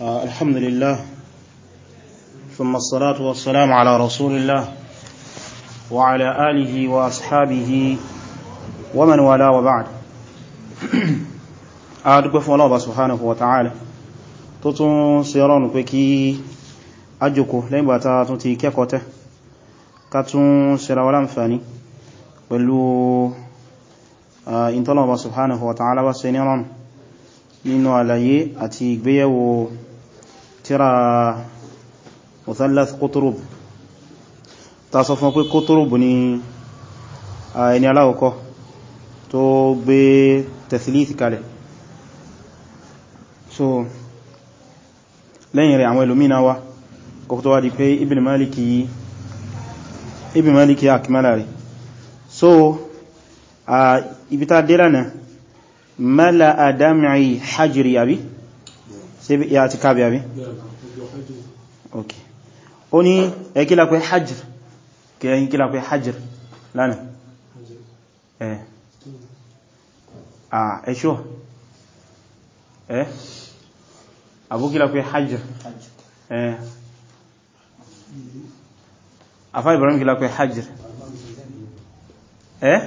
الحمد لله ثم الصلاة والسلام على رسول الله وعلى آله وأصحابه ومن ولا وبعد أدقى فالله سبحانه وتعالى تتون سيران كي أجوكو لين باتا كيكوته كتون سيران فاني pẹ̀lú ìntọ́lọ̀wọ̀ subhanahu wa ta'ala wá sí níran nínú àlàyé àti ìgbéyẹ̀wò tíra muthallath Qutrub ta sọ fún pé Qutrub ní ẹni aláwọ̀kọ́ tó gbé tathlith kalẹ̀ so lẹ́yìn rẹ̀ àwọn ẹlòmínà wá kọkútọ́ wá di pé Ibn Maliki yìí akimala rẹ̀ so ibi ta dé lánàá mala adami hajjiri abi ṣe bí ya ti kábi àbí ok ó ní ẹkílá pé hajjir kẹyìn kílá pé hajjir lánàá ẹ̀ à ẹ̀ṣọ́ ẹ̀ àbúkílá pé hajjir ẹ̀ afá Ibrahim kílá pé hajjir ẹ̀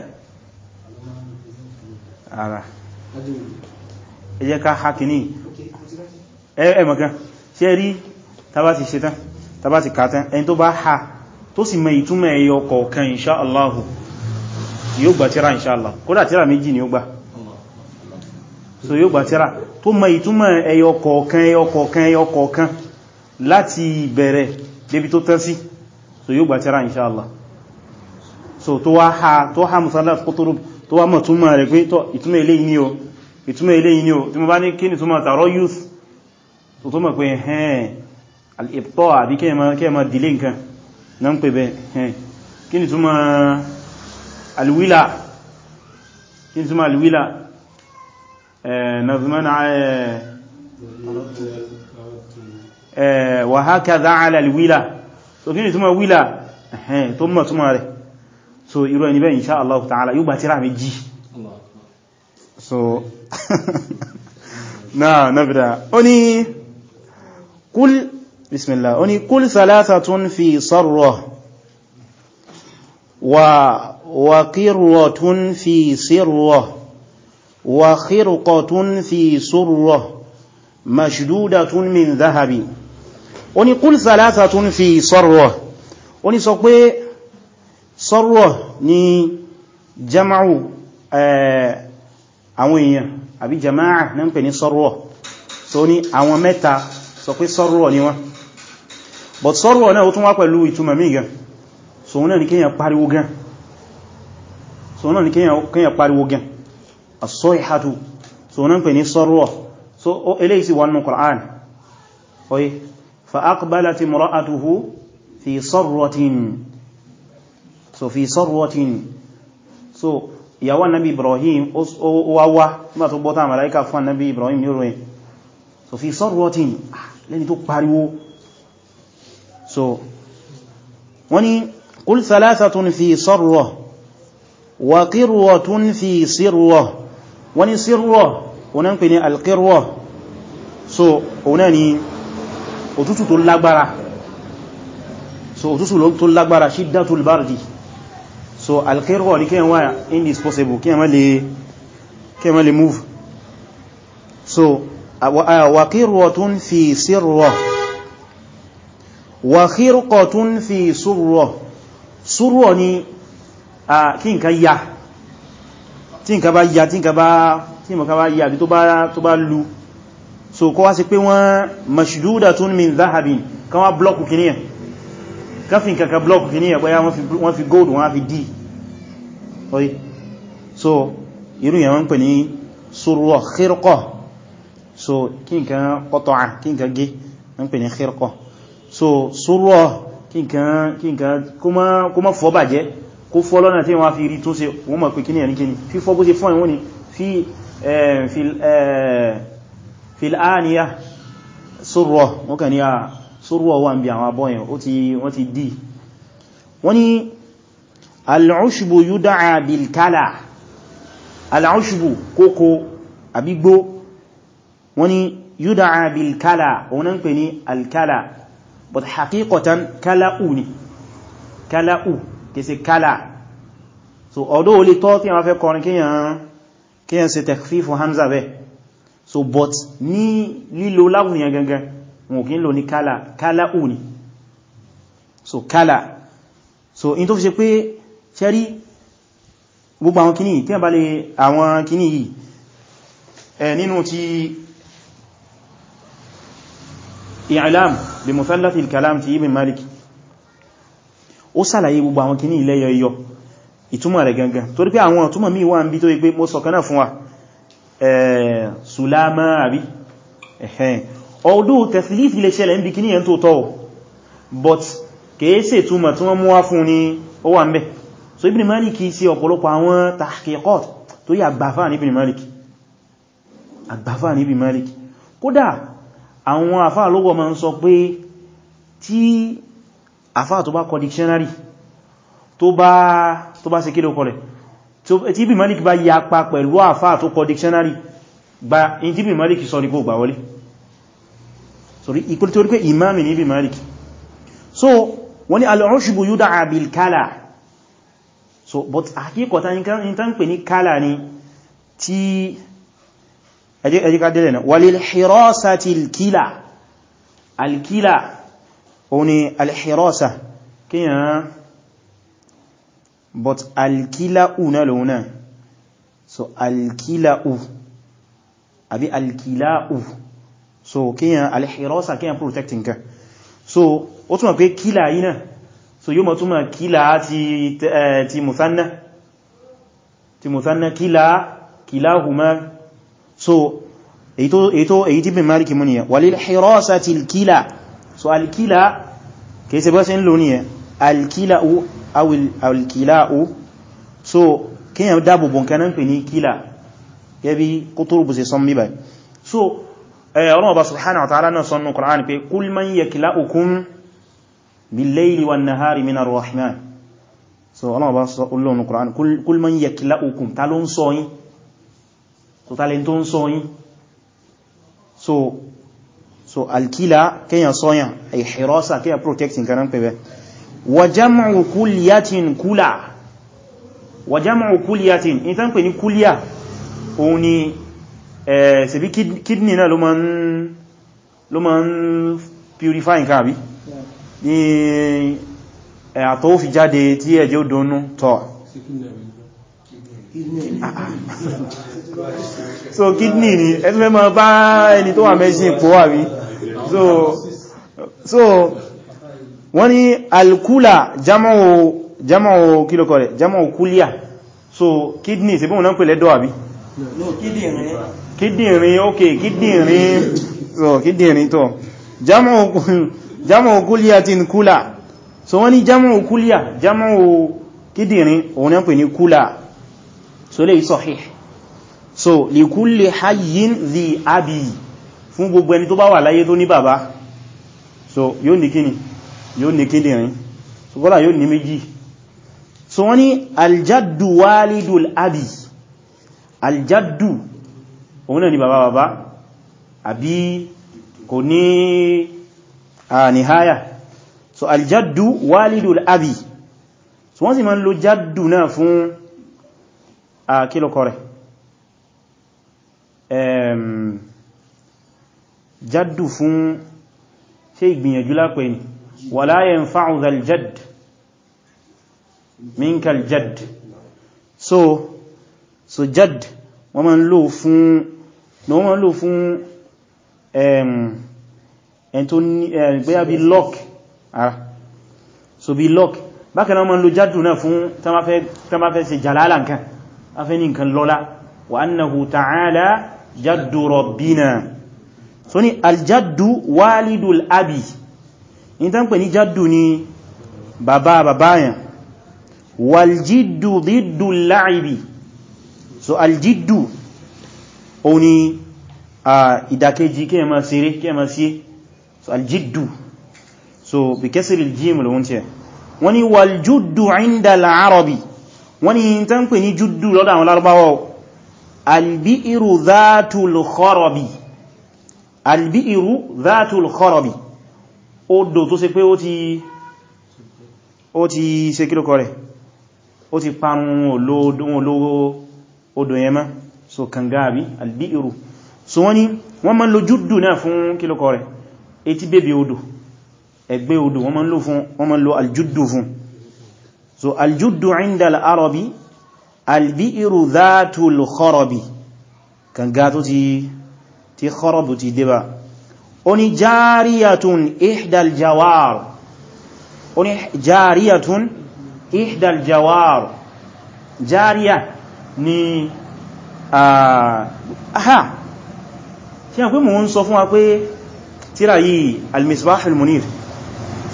ara ẹjẹ́ ká hakini ẹmọ̀kan ṣe rí tàbá ti ṣetán tàbá ti kàtán ẹni tó bá ha tó sì mẹ ìtumọ̀ ẹyọ kọ̀ọ̀kan inṣáàláhù yóò gbà tíra inṣáàlá kódà tíra méjì ni ó gbà so yóò gbà tíra tó mẹ ìtumọ̀ ẹyọ kọ̀ọ̀kan ẹyọ kọ̀ọ̀kan ẹyọ kọ̀ọ̀kan láti bẹ̀rẹ̀ débi tó tán sí so yóò gbà tíra inṣáàlá so tó wá ha tó ha musallaf kuturu tó wá mọ̀ túmọ̀ rẹ̀ pé ìtumọ̀ eléyìí ni o ìtumọ̀ eléyìí ni o tí mo bá ní kí ni túmọ̀ tààrọ youth so tó mọ̀ pé ẹ̀hẹ́n al-ibta' àbí kẹ́ẹ̀mọ́ dìlé nǹkan náà ń pè bẹ ẹ̀hẹ́n kí ni túnmọ̀ al-wila kí ni túnmọ̀ al-wila nazmana wa hakadha ala al so kí ni túnmọ̀ wila ẹ̀hẹ́n tó mọ̀ túnmọ̀ rẹ̀ so irú ẹni bẹ́ so náà náà bìdá ó ní kúl bismillah ó ní kúl thalathatun fi sarrah wa wa qirratun fi sirrah wa khirqatun fi surrah mashdudatun min dhahabi ó ní kúl thalathatun fi sarrah ó ní sọ pé sarrah ní jama'u àwọn èèyàn àbí jama'a ní ń pè ní so ní àwọn mẹ́ta sọ pé sọ́rọ̀ ní wọ́n but sọ́rọ̀ náà ó tún wá pẹ̀lú ìtumọ̀ mí gan so náà ni kíyàn pariwo gan so náà ni kíyàn pariwo gan as-sayhatu so náà pè ní sọ́rọ̀ so ó eléyìí sì wọnú fi sarratin so so ìyàwó annabi Ibrahim ó wá nígbàtí ó gbọ́ta màláíkà fún annabi Ibrahim ní orin so fi sarratin ah lẹ́ni tó pariwo so wọ́n ni kúl thalathatun fi sarra wa qirwatun fi sirra wọ́n ni sirra wọ́n ń pè ní alqirwa so òun ni òtútù tó lágbára so òtútù tó lágbára shiddatul bardi so alqirwa ní kíyàn wá indisposable kíyàn má move so وقرة في سرة وخرقة في سرة سرة ni kí nǹkan ya tí nǹkan bá ya tí nǹkan bá ya bí tó bá lu so kọ́ wá sí pé wọ́n mashdudatun min dhahabin kan wá blọ́kù kì níyàn kan fi nǹkan kan blọ́kù kì níyàn bóyá wọ́n fi gold wọ́n fi d so irú yẹn wọ́n pè ní surwa khirqa so kí nǹkan qata'a kí nǹkan gé ń pè ní khirqa so surra kí nǹkan kó má fọ́ bàjẹ́ kó fọ́ lọ́nà tí wọ́n fi rí tún ṣe wọ́n mọ̀ pé kíní ẹni kíní fífọ́ bó ṣe fọ́ ìwọ́n ni fil aniya surra wọ́n kà ní à surra wà ń bí àwọn bil kala al-ushbu kókó wọ́n ni yúdá bil kala òun náà ń pè ní alkala but haqiqatan kala'u ni kala'u kìí kala so ọdọ́ olè tọ́ tí wọ́n fẹ́ kọrin kíyàn ṣe takfifu hamza bẹ́ so but ní lílo láwùyàn gangan wọn kí ń lò ní kala kala'u ni so kala so in tó fi ṣe pé ṣẹ́rí gbogbo àwọn kìíní tí wọ́n bá lè àwọn kìíní yìí nínú ti i'lam bi muthallathil kalam ti ibn malik ó ṣàlàyé gbogbo àwọn kìíní ilẹ̀ yọyọ ìtumọ̀ rẹ̀ gangan torí pé àwọn ìtumọ̀ míì wà ń bí tó wípé mo sọ̀kan náà fún wa eh, sùlámà àbí but kèése túnmọ̀ tí wọ́n mú wá fún so ibn malik ṣe ọ̀pọ̀lọpọ̀ àwọn tahqiqat tó yà àgbàfà ní ibn malik àgbàfà ní kódà àwọn àfáà lọ́gọ̀ ma ń sọ pé tí àfáà tó bá kọ dictionary tó bá tó bá ṣe kí ló kọlẹ̀ tí bí malik bá yapa pẹ̀lú àfáà tó kọ dictionary gba in tí bí malik sọ ní kó wọlé sorry ìpínlẹ̀ torí pé imami ní bí malik so wani ni al-ushbu bil kala so but àkíkọta ní tán pè ní kala ni tí ẹjíká délẹ̀ náà wàlìlhìrọ́sà ti alkila alkila òun ni alhìrọ́sà kíyàn but alkila'u náà lòun náà so alkila'u àbí alkila'u so kíyàn alhìrọ́sà kíyàn protecting nǹkan so ó túnmọ̀ pé kílà yìí náà so yóò mọ̀ túnmọ̀ kílà ti mùsánná eh, ti mùsánná kílà kílà hùmá so èyí tó èyí tí bí Málíkì mú walil hirasati al so al-kila kìí ṣe bọ́ sí ń lò nìyẹn al-kila'u al-kila'u so kíyàn dáàbò bò nǹkan náà pè ní kílà gẹ́bí Qutrubu ṣe sọm bíbà so ọ̀rọ̀ ọba subhanahu wa ta'ala náà sọ́nà Qur'an pé kul man yakla'ukum bil-layli wan-nahari min ar-rahman so ọ̀rọ̀ ọba sọ́nà Qur'an kul man yakla'ukum ta ló ń sọ so tàlẹ̀ tó ń sọ yín so so alkila kíyàn sọ́yàn ìhìrọ́sà kíyàn protecting kanan pẹ̀bẹ̀ wàjámù kúlíyàtín kúlà wàjámù kúlíyàtín in tán pè ní kúlíyà òun ni ṣebí kidney náà ló ma ń purify nǹkan àbí ni àtọ́ fi jáde tí ẹ̀jẹ̀ ó tọ́ Ah, ah. so kidney ni ẹgbẹ́ ma bá ẹni tó wà mẹ́ṣin pọ̀ àrí so so wọ́n ni alkula jama'o kílọ̀kọ̀ rẹ̀ jama'o kúlíà so kidney ṣe bí wọ́n náà pè lẹ́dọ̀ àbí kidney ok kidney so kidney to jama'o kúlíà tin kúlà so wọ́n ni jama'o kúlíà jama'o kidney òun náà pè ní kúlà so lè sahih so li kulli hayyin dhi abi fún gbogbo ẹni tó bá wà láyé tó ní bàbá so yóò ní kíni yóò ní kíni rìn so kọ́lá yóò ní méjì so wọ́n ni aljaddu walidul abi aljaddu òun náà ni bàbá bàbá àbí kò ní àníháyà so aljaddu walidul abi so wọ́n sì máa ń lo jaddu náà fún Ah, kílùkọ rẹ̀ jaddu fún ṣe ìgbìyànjú lápẹ́ ni wala yanfa'u dhal jadd minkal jadd so so jadd wọ́n ma ń lò fún ní wọ́n ma ń lò fún ẹn tó ní ẹgbẹ́yà bí lock ara ah, so bí lock bákanáà wọ́n ma ń lò jaddu náà fún tán bá fẹ́ ṣe jàlálà nǹkan afẹ́ ní nǹkan lọ́lá wa annahu ta'ala jaddu rabbina so ni aljaddu walidul abi in ta ń pè ní jaddu ni bàbá bàbáyàn waljiddu diddu la'ibi so aljiddu o ni ìdàkejì kí ẹ ma ṣeré kí ẹ ma so aljiddu so bí kẹsìrì jim lòun tí ẹ wọ́n ni waljuddu inda la'arabi wọ́n ní tán pè ní jùdù lọ́dọ̀ àwọn lárúbáwọ́ albi'iru dhatul kharabi albi'iru dhatul kharabi odò tó ṣe pé ó ti ó ti ṣe kílòkọ rẹ̀ ó ti parun olówó odò yẹn má so kàngáàbí albi'iru so wọ́n ní wọ́n máa lo jùdù náà fún kílòkọ rẹ̀ etí bèbè odò ẹgbẹ́ odò wọ́n máa lo fún wọ́n máa ń lo aljùdù so aljuddu inda al'arabi albi'iru dhatul kharabi kànga tó ti tí kharabu ti débà ó ní jariyatun ihdal jawar ó ní jariyatun ihdal jawar jariya ni aha ṣe pé mo ń sọ fún wa pé tírà yìí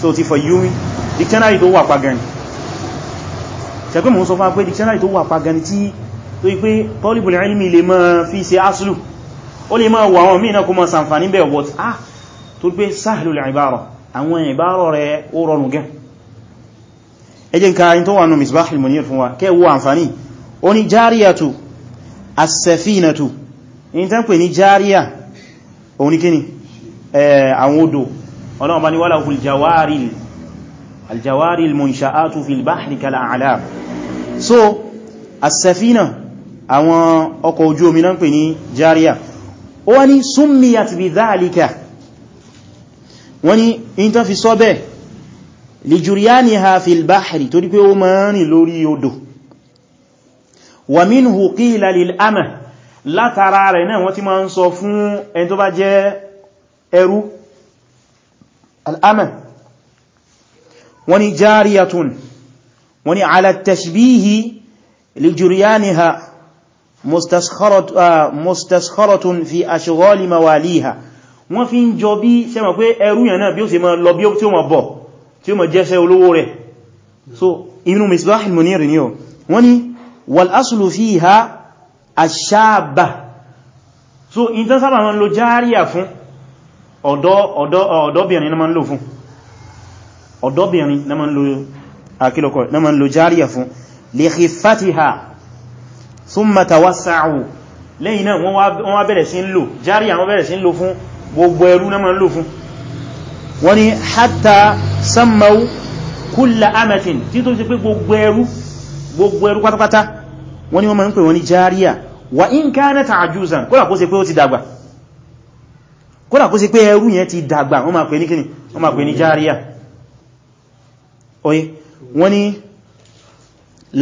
so ti fayyumi dikana yi tó wà pagani ṣẹ̀gbẹ́ mọ́ sọ fún pé dictionary tó wà pagani tí tó yí pé tọ́lìbùn ilmi lè máa fi ṣe aslu ó lè máa wà àwọn mí náà kó máa sàǹfàní bẹ̀ wọ́t ah tó gbé sáàlù ìbárọ̀ àwọn ìbárọ̀ rẹ̀ ó rọrùn gẹ́ ẹjẹ́ nǹkan tó wà nù misbahil munir fún wa kẹ́ wo àǹfàní ó ní jariyatu as-safinatu al munsha'atu fil bahri kal a'lam so asafina àwọn ọkọ̀ ojú omi náà pè ní jariya ó wá ní summiyat bi dhalika wọ́n ní in tán fi sọ bẹ́ẹ̀ li juriyaniha fil bahri torí pé ó máa rìn lórí odò wa minhu qila lil ama látara rẹ̀ náà wọ́n ti máa ń sọ fún ẹni tó bá jẹ́ al ama wọ́n ní jariyatun wọ́n ni ala tashbihi li juryaniha ah, mustaskharatun fi ashghali mawaliha wọ́n fi ń jọ bí ṣe mọ̀ pé ẹrú yàn náà bí ó ṣe máa lọ bí ó tí ó máa bọ̀ tí ó máa jẹ́ṣẹ́ olówó rẹ̀ so inú misbahil munir ni o wọ́n ni wal so in tán sábà máa ń lo járíà fún ọ̀dọ́bìnrin na máa ń lò fún ọ̀dọ́bìnrin àkílọ́kọ̀ náà ma ń lo járíyà fún lè khifatiha thumma tawassa'u lẹ́yìn náà wọ́n wá bẹ̀rẹ̀ sí ń lò járíyà wọ́n bẹ̀rẹ̀ sí ń lò fún gbogbo ẹrú náà ma ń lò fún wọ́n ni hatta sammaw kulla amatin tí tó ti pé gbogbo ẹrú gbogbo ẹrú pátápátá wọ́n ni wọ́n ma ń pè wọ́n ni járíyà wa in oye wọ́n ni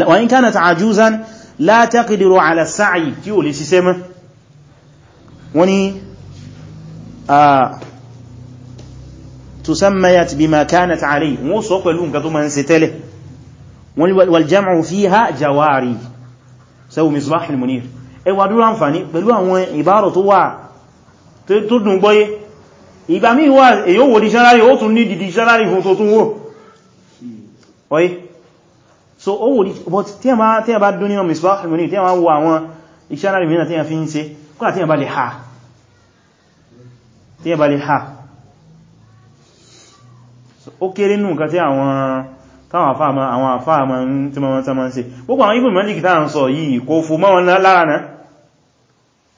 wa in kanat ajuzan la taqdiru ala sa'i tí ò lè ṣiṣẹ́ mọ́ wọ́n ni tusammayat bima kanat alayhi wọ́n sọ pẹ̀lú nǹkan tó máa ń ṣe tẹ́lẹ̀ wọ́n ni wal jam'u fiha jawari sawu misbah al-munir ẹwà dúró àǹfàní pẹ̀lú àwọn ìbárò tó wà tó dùn gbọ́yé ìgbàmí wà èyí ó wò dìṣẹ́rárì ó tún ní dìdìṣẹ́rárì fún tó tún wò oye so ó wò but tí a bá dún nínú misbah al-munir tí a máa wo àwọn iṣẹ́ aláàrẹ̀ mìíràn tí a fi ń ṣe kúrò tí a bá lè ha tí a bá lè ha ó kéré nù nǹkan tí àwọn táwọn àfáàmà àwọn àfáàmà tí ma wọ́n tánmà ń ṣe gbogbo àwọn ibùn mẹ́lìkì táà ń sọ yìí kò fò mọ́ wọn lára náà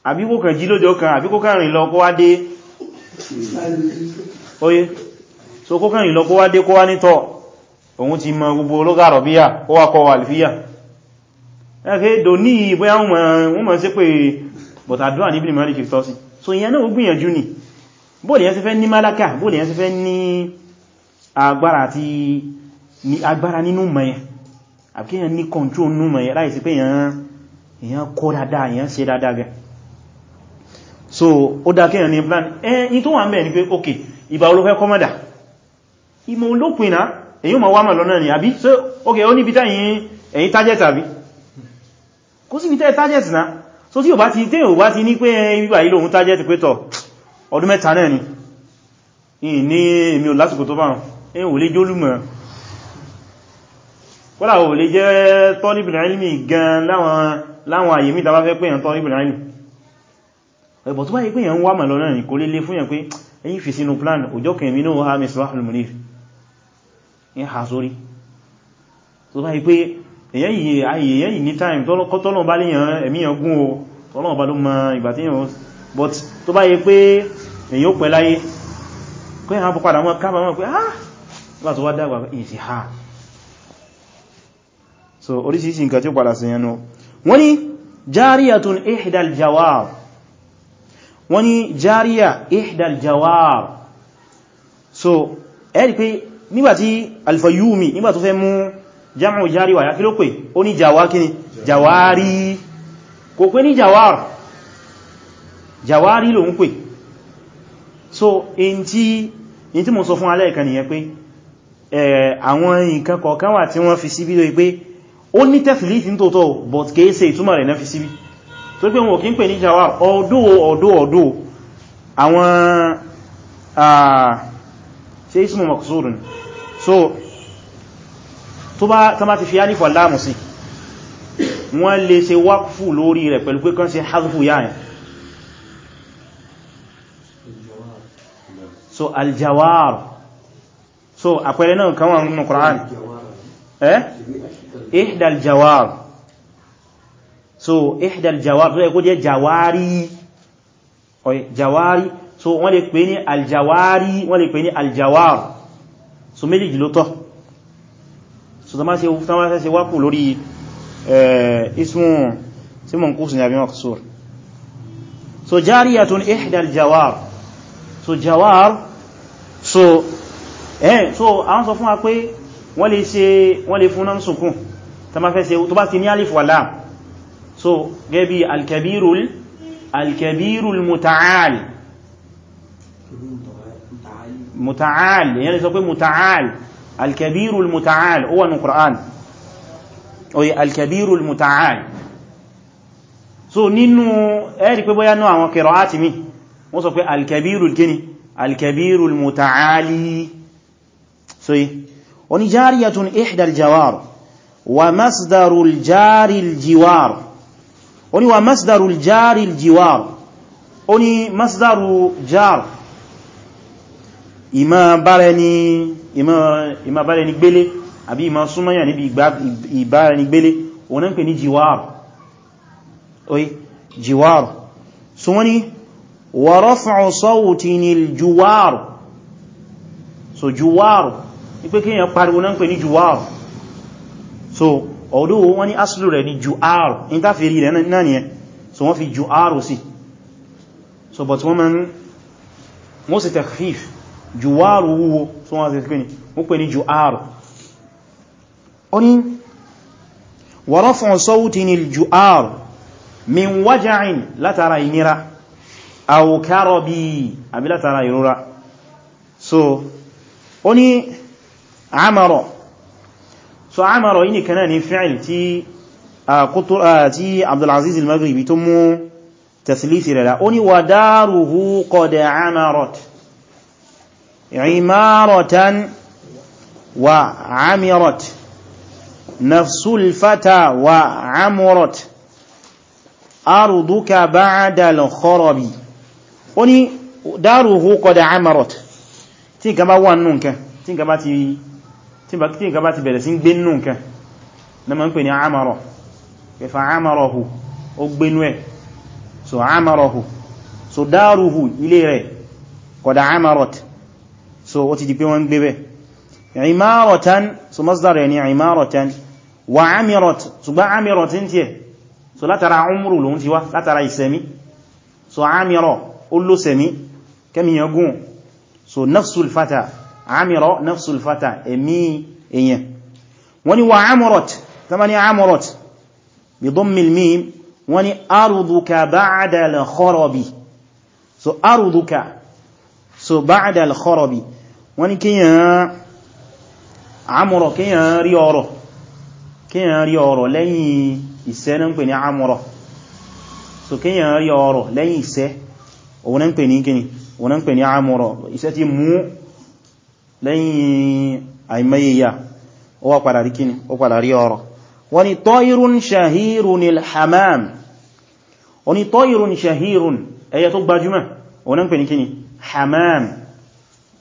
àbí kò kàn jí lójọ kan àbí kò kàn rìn lọ kó wá dé oye so kó kàn rìn lọ kó wá dé kó wá nítọ́ òun ti mọ gbogbo ológa rọ̀bíyà ó wá kọ́ alfíyà ẹgbẹ́ èdò ní ìbẹ́ àwọn mọ̀ sí pé bọ̀tàdúwà ní ibìnimọ̀ alìkì tọ́sí so ìyẹn náà gbìyànjú ni bóòlì yẹn sí fẹ́ ní málaka bóòlì yẹn sí fẹ́ ní agbára àti control nínú mẹ́yẹ láì sí pé èyàn kọ́ dáadáa so ó dá plan ẹ́ ní tó wà ń bẹ̀ ni pé ok ìbà ìmọ̀ olópin èyí ma wá mà lọ́nà ni àbí so ok ó níbi tẹ́yìn target àbí kó sí ìbítẹ́ target náà so tí ò bá ti tẹ́ ò bá ti ní pé bíbà ilò òun target pé tọ̀ ọdún mẹ́ta náà ni ní èmi ò lásìkò tó bá rùn èyí ò lè jẹ́ olùmọ̀ kọ́lá ò lè jẹ́ tọ́líbìn ilmi gan láwọn àyè mítà bá fẹ́ pé èyàn tọ́líbìn ilmi ẹ̀bọ̀ tó bá yí pé èyàn wá mà lọ́nà ni kò lè plan òjọ́kẹ̀ẹ́mí náà ha mẹ́sàn ń ha sórí tó bá yí pé èyẹ́ yìí ní time tọ́lọ́n bá léyàn ẹ̀míyàn gún o tọ́lọ́n bá ló mọ ìgbà tí yàn but tó bá yí pé èyàn ó pẹ́ láyé pé àwọn padà wọn kábà wọn pé ah nígbà tó wá dàgbà ìsì ha so oríṣìíṣìí nǹkan tí ó padà sí yẹnu wọ́n ni jariyatun ihdal jawab wọ́n ni jariya ihdal jawab so ẹ̀rí pé nígbàtí alfayumi nígbà tó fẹ́ mú jam'u jari wa ya kí ló pè ó ní jawa kí ni jawari kò pé ní jawar jawari ló ń pè so in tí mo sọ fún alẹ́ ìkan nìyẹn pé àwọn nǹkan kọ̀ọ̀kan wà tí wọ́n fi síbí lórí pé ó ní tẹ́fìlìtì ní tòótọ́ but kìí ṣe ìtumọ̀ rẹ̀ náà fi síbí tó pé wọn kí ń pè ní jawar ọdó ọdó ọdó àwọn ṣe ismu maqsurun so tó bá tán bá ti fi alifu aláàmù sí wọ́n lè ṣe wákùfù lórí rẹ̀ pẹ̀lú pé kán ṣe hazfu yáyìn so aljawar so àpẹẹrẹ náà kan wà nínú Qur'an eh ihdal jawar so ihdal jawar tó yẹ kó jẹ́ jawari oye jawari so wọ́n lè pè ní aljawari wọ́n lè pè ní aljawar so méjì ló tọ́ so tán bá fẹ́ ṣe wákù lórí ismu tí mọ̀ kúsù ní àbí maksur so jariyatun ihdal jawar so jawar so eh so àwọn sọ fún wa pé wọ́n lè ṣe wọ́n lè fún náà sùkún tán bá muta'al muta'al èyàn lè sọ pé muta'al alkabiru muta'al ó wà ní Qur'an oye alkabiru muta'al so nínú ẹ̀rí pé bóyá náà àwọn kẹrọ áti mi wọ́n sọ pé alkabiru kíni alkabiru muta'ali so yí wani jariyatun ihdal jawar wa masdarul jaril jiwar wani wa masdarul jaril jiwar wani masdaru jar ìmọ̀ bára ẹni gbélé àbí ìmọ̀ súnmọ́yà níbi ìbára ẹni gbélé wọ́n ń pè ní jíwáàrù oye jíwáàrù so wọ́n ni wa raf'u sawtin al-juwar so juwar ní pé kíyàn pariwo náà ń pè ní juwar so ọ̀dọ́ wọ́n ni asìlò rẹ̀ ni juwar in ta fi rí rẹ̀ náà ni so wọ́n fi juwar sí so but wọ́n mọ́ sí takhfif jùwárù wúwo tó wọ́n ṣe pé ní wọ́n pè ní jùárù ó ní wa raf'u sawtin al-ju'ar min waja'in látara ìnira aw karabi àbí látara ìrora so ó ní àmàrọ̀ so àmàrọ̀ yìí nìkan náà ní fi'il tí tí Abdulaziz al-Maghribi tó mú tẹ̀sílì sí rẹ̀ ó ní wa daruhu qad amarat عمارة وعمرت نفس الفتى وعمرت أرضك بعد الخرب ó ní داره قد عمرت tí nǹkan bá wà nínú nǹkan tí nǹkan bá ti tí nǹkan bá ti bẹ̀rẹ̀ sí gbé nínú nǹkan na ma ń pè ní àmàrọ̀ ẹ̀fà àmàrọ̀hù ó gbénú ẹ̀ so àmàrọ̀hù so dáàrùhù ilé rẹ̀ kọ̀dà àmàrọ̀tì so ó ti di pé wọ́n ń gbé bẹ̀ imaratan so masdar rẹ̀ ni imaratan wa amirat ṣùgbọ́n amirat ń tí ẹ̀ so látara umru lòun ti wá látara ìsẹ̀mí so amira ó ló sẹ̀mí kẹ́mìyàn gùn so nafsul fata amira nafsul fata ẹ̀mí èyàn wọ́n ni wa amurat tama ni amurat bi dhammil mim wọ́n arduka ba'da al-kharabi so arduka so ba'da al-kharabi wọ́n ní kíyàn àmúrọ̀ kíyàn rí ọ̀rọ̀ kíyàn rí ọ̀rọ̀ lẹ́yìn ìṣẹ́ ní ń pè ní àmúrọ̀ so kíyàn rí ọ̀rọ̀ lẹ́yìn ìṣẹ́ òun ní ń pè ní kíni òun ní ń pè ní àmúrọ̀ ìṣẹ́ ti mú lẹ́yìn àìmẹ́yẹyà ó wá padà rí kíni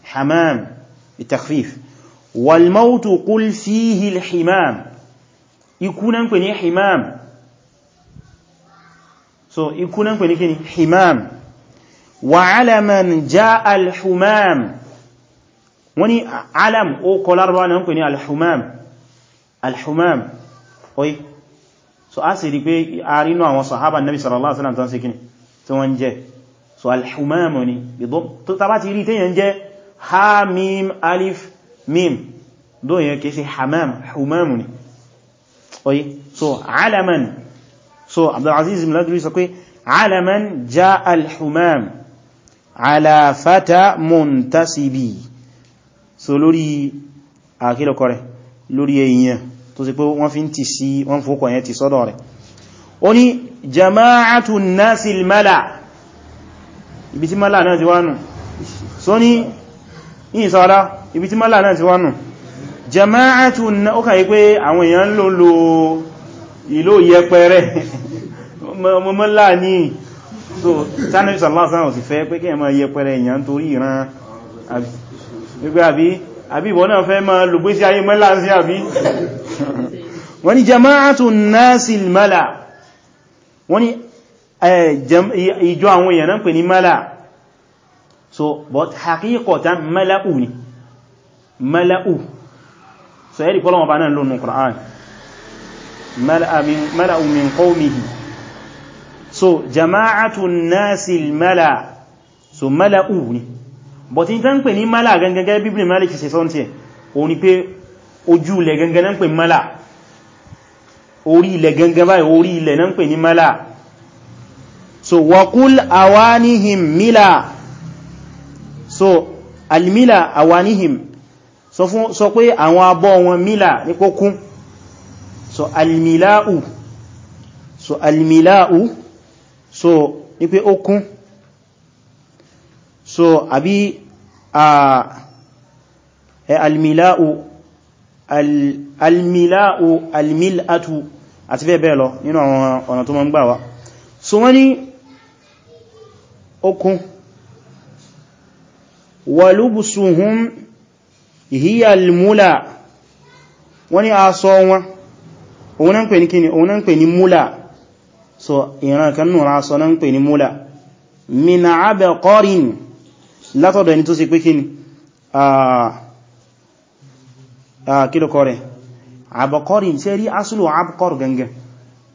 حمام بالتخفيف والموت قل فيه الحمام يكون انكو ني حمام so يكون انكو ني كني حمام وعلى من جاء الحمام وني علم او كولار وانا انكو ني الحمام الحمام oy so a sì rí pé a rínú àwọn sahaba nabi sallallahu alaihi wasallam tán sí kíni tí so الحمام وني بضم tàbá ti rí tẹ́yàn ha mim alif mim dó yẹn kìí ṣe hamam humamu ni oye so alaman so abdulaziz ibn ladri sọ pé alaman ja alhumam ala fata muntasibi so lórí àkílọ́kọ rẹ̀ lórí èyàn tó sì pé wọ́n fi ń tì sí wọ́n fòkọ̀ yẹn ti sọ́dọ̀ rẹ̀ ó jama'atun nasil mala ibi tí mala náà ti wánu so ni yìí sọ́lá ibi tí mọ́lá náà ti wánù jama'atu na ó kàí pé àwọn èèyàn ló lo ìlò yẹpẹrẹ mọ́lá ní so tánàbí sàlásán ò sì fẹ́ pé kí ẹmọ yẹpẹrẹ èèyàn torí ìran àbí ìwọ náà fẹ́ máa lògbé sí ayé mọ́lá sí àbí wọ́n ni jama'atu nasil mala wọ́n ni ìjọ àwọn èèyàn náà pè ní mala so but haqiqatan mala'u ni mala'u so eri pọ́lọ́wọ́ bá náà ló nù Qur'an mala'u min qawmihi so jama'atun nasil mala' so mala'u ni but in tan pè ní mala gangan bíblì malik ṣe sọ́ntí ó ní pé ojú ilẹ̀ gangan náà pè mala orí ilẹ̀ gangan báyìí orí ilẹ̀ náà pè ní mala so wakul awanihim mila so almila awanihim so sọ pé àwọn abọ́ wọn mila ní kókún so almila'u so almila'u so ni pé okún so àbí a e almila'u al, almila'u almil'atu àti bẹ́ẹ̀ bẹ́ẹ̀ lọ nínú àwọn ọ̀nà tó mọ́ ń gbà wá so wọ́n ní okún wàlúbùsùhún hiyalmula wọ́n ní aṣọ wọn òun náà ń pè ní kíni òun náà ń pè ní múlà so ìran kan nù aṣọ náà ń pè ní múlà mina abẹ́kọ́rin látọ̀dọ̀ ẹni tó sì pé kíni kílùkọ́ rẹ̀ abẹ́kọ́rin ṣe rí asúlù abẹ́kọ́r gangan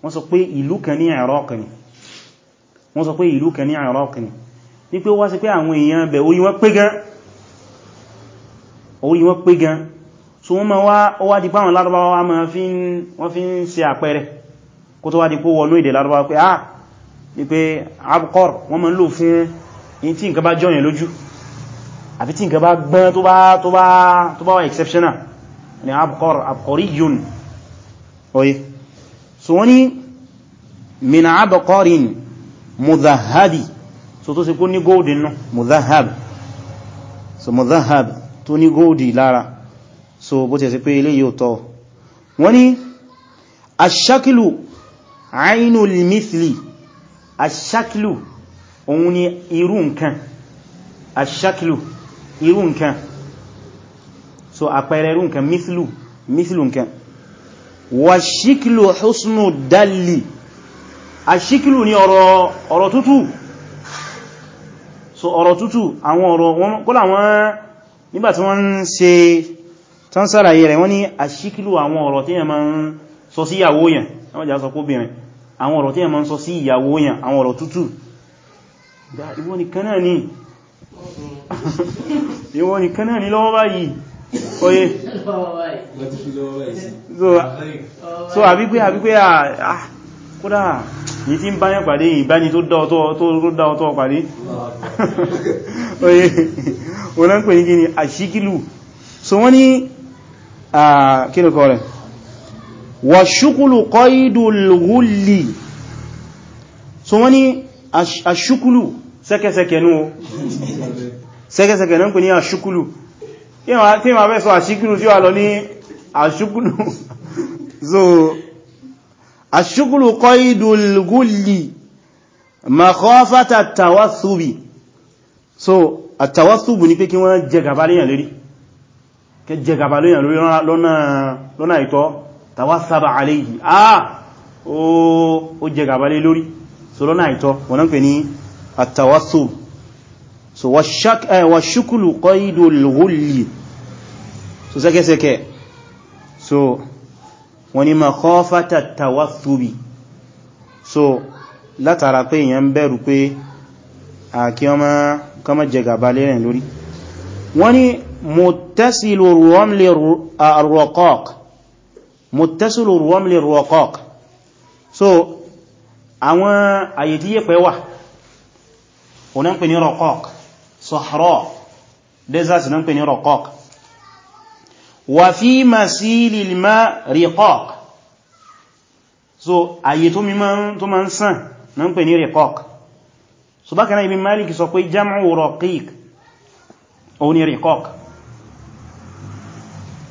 wọ́n sọ pé ìlú kan ní Iraq ní pé ó wá sí pé àwọn èèyàn bẹ̀ orí wọ́n pé gan orí wọ́n pé gan so wọ́n ma wá ó wá di páwọn lárúbáwá wá ma wọ́n fi ń ṣe àpẹẹrẹ kó tó wá di pó wọnú èdè lárúbáwá pé ah ní pé abqar wọ́n ma ń lò fún in tí nǹkan bá jọyàn lójú àfi tí nǹkan bá gbọ́n tó bá tó exceptional ni abqar abqariyun so tó sì kó ní góòdì nù mudhahab so mudhahab tó ní góòdì lára so bó ti ẹ̀ sí pé ilé yóò tọ́ wọ́n ni aṣákìlù àínú limithli aṣákìlù òun ni irú nǹkan aṣákìlù irú nǹkan so àpẹẹrẹ irú nǹkan mithlu mithlu nǹkan wà ṣíkìlù husnu dalli aṣíkìlù ni ọ̀rọ̀ tútù so ọ̀rọ̀ tútù àwọn ọ̀rọ̀ wọn kọ́lá wọn nígbàtí wọ́n ń ṣe tán sàràyẹ rẹ̀ wọ́n ní àṣíkìlù àwọn ọ̀rọ̀ tí yẹn ma ń sọ sí ìyàwó yẹn àwọn ìjà sọ kóbìnrin àwọn ọ̀rọ̀ tí yẹn ma ń sọ sí ìyàwó yẹn àwọn ọ̀rọ̀ tútù ìwọ nìkan náà ni ìwọ nìkan náà ni lọ́wọ́ báyìí oye so àbí pé àbí pé ah kódà yìí tí ń báyàn pàdé ìbáni tó dá ọtọ́ pàdé oye olóńpẹ̀ ní gini àṣíkìlù so wọ́n ni kílùkọ́ rẹ̀ wà ṣúkùlù kọ́ ìdù lùgúlì so wọ́n ni àṣúkùlù sẹ́kẹsẹ́kẹ̀ nú o sẹ́kẹsẹ́kẹ̀ náà pè ní àṣúkùlù tí ma fẹ́ sọ àṣíkìlù tí wà lọ ní àṣúkùlù so الشغل قيد الغل مخافة التوثب so التوثب ni pé kí wọ́n jẹ gàba léyàn lérí kẹ jẹ gàba léyàn lórí lọ́nà ìtọ́ tawassaba alayhi ah ó jẹ gàba lé lórí so lọ́nà ìtọ́ wọ́n ń pè ní التوثب so والشكل قيد الغل so sẹ́kẹ́sẹ́kẹ́ so wọ́n ní makhafata tawathubi so látara pé èyàn bẹ̀rù pé àkí ọmọ kọmọ jẹgàba lẹ́rẹ̀ lórí wọ́n ní muttasilu ar-ramli ar-raqaq muttasilu ar-ramli ar so àwọn àyèdíyẹ pẹ́ wà ọ̀nà ń pè ní raqaq náà ń ní raqaq وفي مسيل الماء رقاق so aye to mi man to man san na npe ni riqaq so baka na ibn malik sọ pé jam'u raqiq ó ní riqaq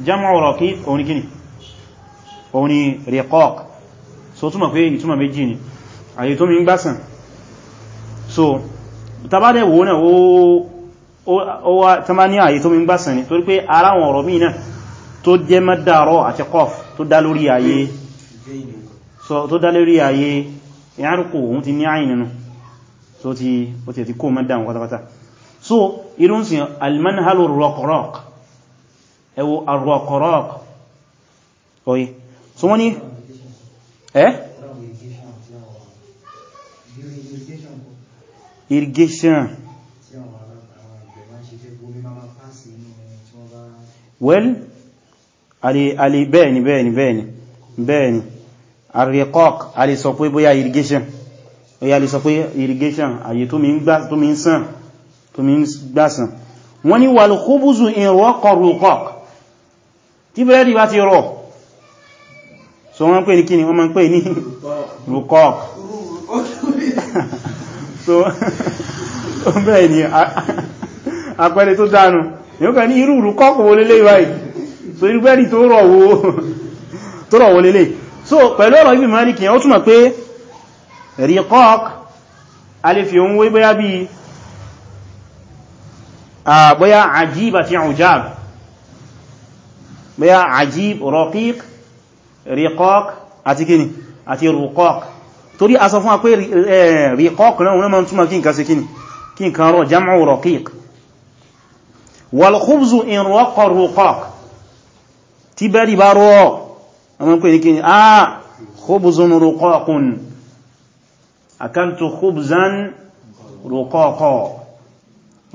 jam'u raqiq ó ní kíni ó ní riqaq so tuma pé ìtumọ̀ méjì ni aye to mi ngba san so tabade wo na o tamani aye to mi ngba san ni torí pé ara wọn ọ̀rọ̀ mi náà tó jẹ́ mẹ́dàrọ àti kọf tó dá lórí ayé so tó dá lórí ayé ìyárùkù òun ti ní àyìn nínú so ti o ti kó mẹ́dàrún pátápátá so irun sin almanhalu rọkọrọk ẹwọ arọkọrọk oye so wọ́n eh irrigation well alì bẹ́ẹ̀ni bẹ́ẹ̀ni bẹ́ẹ̀ni bẹ́ẹ̀ni ariqaq alì sọ pé bóyá irrigation bóyá alì sọ pé irrigation àyè tó mi ń sàn tó mi ń gbásàn wọ́n ni wal khubuzu in raqa ruqaq tí bẹ́ẹ̀dì bá ti rọ̀ so wọ́n pè ní kíni wọ́n máa ń pè ní ruqaq so bẹ́ẹ̀ ni àpẹẹrẹ tó dánú yóò kà ní irú ruqaq wọlé lè báyìí so irúgbẹ́rì tó rọ̀ wó lélẹ̀ so pẹ̀lú ọ̀rọ̀ ibi Malik yẹn ó túnmọ̀ pé riqaq a lè fi ohun wé bóyá bí bóyá ajib àti ujab bóyá ajib raqiq riqaq àti kíni àti ruqaq torí a sọ fún wa pé riqaq náà wọ́n máa túnmọ̀ kí tí bẹ́rì bá rọ́ ọmọ pé ní kí ni ah khubzun ruqaqun akaltu khubzan ruqaqa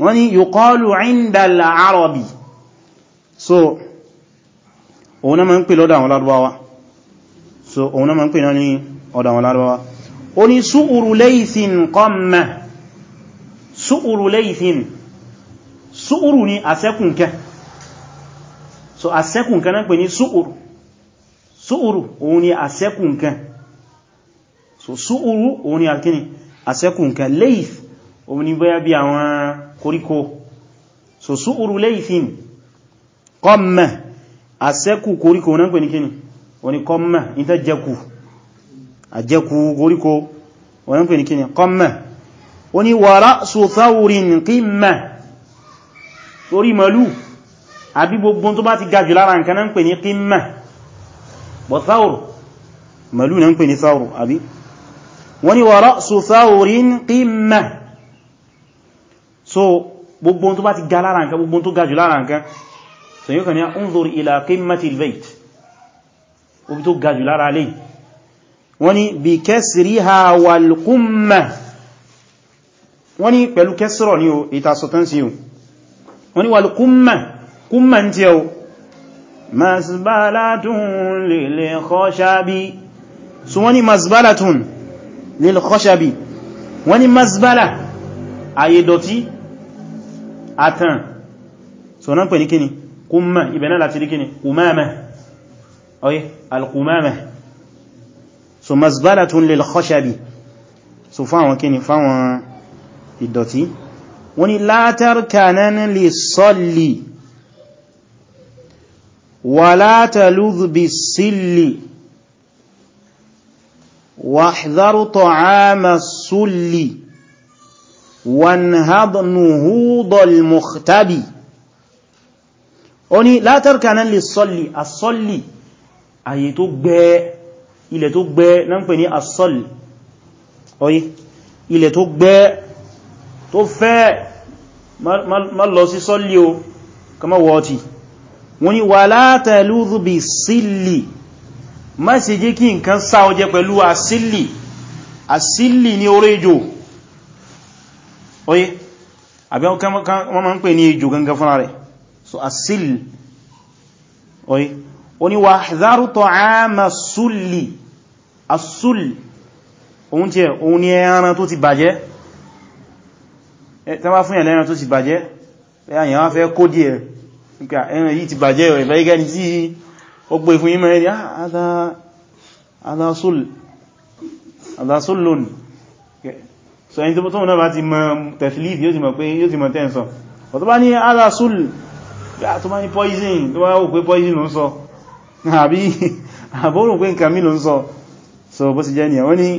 wọ́n ni yuqalu inda al-arabi so òun náà ma ń pè lọ́dọ̀ àwọn lárúbáwá so òun náà ma ń pè náà ní ọ̀dọ̀ àwọn lárúbáwá ó ní su'uru laythin qamma su'uru laythin su'uru ni àṣẹ́kùnkẹ́ so àṣẹ́kù nǹkan náà pè ní súúrù súúrù òun ni àṣẹ́kù nǹkan so súúrù òun ni àkíní àṣẹ́kù nǹkan layth òun ni bóyá bí àwọn koríko so súúrù laythin qamma àṣẹ́kù koríko náà pè ní kíní òun ni qamma níta jẹkù àjẹkù koríko òun pè ní kíní qamma òun ni wa ra'su thawrin màlúù àbí gbogbo tó bá ti ga jù lára nǹkan náà ń pè ní qimma bọ̀ thawr màlúù náà ń pè ní thawr àbí wọ́n ni wa ra'su thawrin qimma so gbogbo tó bá ti ga lára nǹkan gbogbo tó ga jù lára nǹkan so yóò kàn ní unzur ila qimmatil bayt obi tó ga jù lára lè wọ́n ni bi kasriha wal qumma wọ́n ni pẹ̀lú kẹsìrọ̀ ní ìtasọ̀tánsí wọ́n ni wal qumma kún ma ń tí ẹ̀wọ̀ masbalatun lil khoshabi so wọ́n ní masbalatun lil khoshabi wọ́n ní masbala ayedoti atan so nan pè ní kíni kumma ibena láti rí kíni kumama oye alkumama so masbalatun lil khoshabi so fáwọn kíni fáwọn ìdọ̀tí wọ́n ní la tarkanan li ولا تلذ بالسل واحذر طعام السل وانهض نهوض المختبي oni látàrkaná lè sọ́lì asọ́lì àyè tó gbẹ́ ilẹ̀ tó gbẹ́ na ń pè ní asọ́lì oyi ilẹ̀ tó gbẹ́ tó fẹ́ ma lọ sí sọ́lì o kama wọ́tí wọ́n ni wà látàlúrù bí sílì má ṣe jẹ́ kí nǹkan sá ọjẹ́ pẹ̀lú àsílì àsílì ní orí ejò oye àbí wọ́n ma ń pè ní ejò gangan fúnra rẹ̀ so àsílì oye o ni wà zárútọ̀ àmà súlì àsúlì ohun tí ẹ̀ ohun ni ẹran tó ti bàjẹ́ tẹ́wàá fún ẹ̀lẹ́ran tó ti bàjẹ́ ẹ̀yàn wá fẹ́ kó díẹ̀ nípa ẹran yìí ti bàjẹ́ rẹ̀ fẹ́ gẹ́ni tí ó gbé fún ìmọ̀ ẹ̀rí adásólòn so ẹni tó tóun náà bá ti mọ̀ tẹ̀fìlìf yóò ti mọ̀ pé yóò ti mọ̀ tẹ́ sọ ọ̀ tó bá ní adásól tó bá ní poison tó bá wò pé poison ló ń sọ so bó ti jẹ́ ni àwọn ni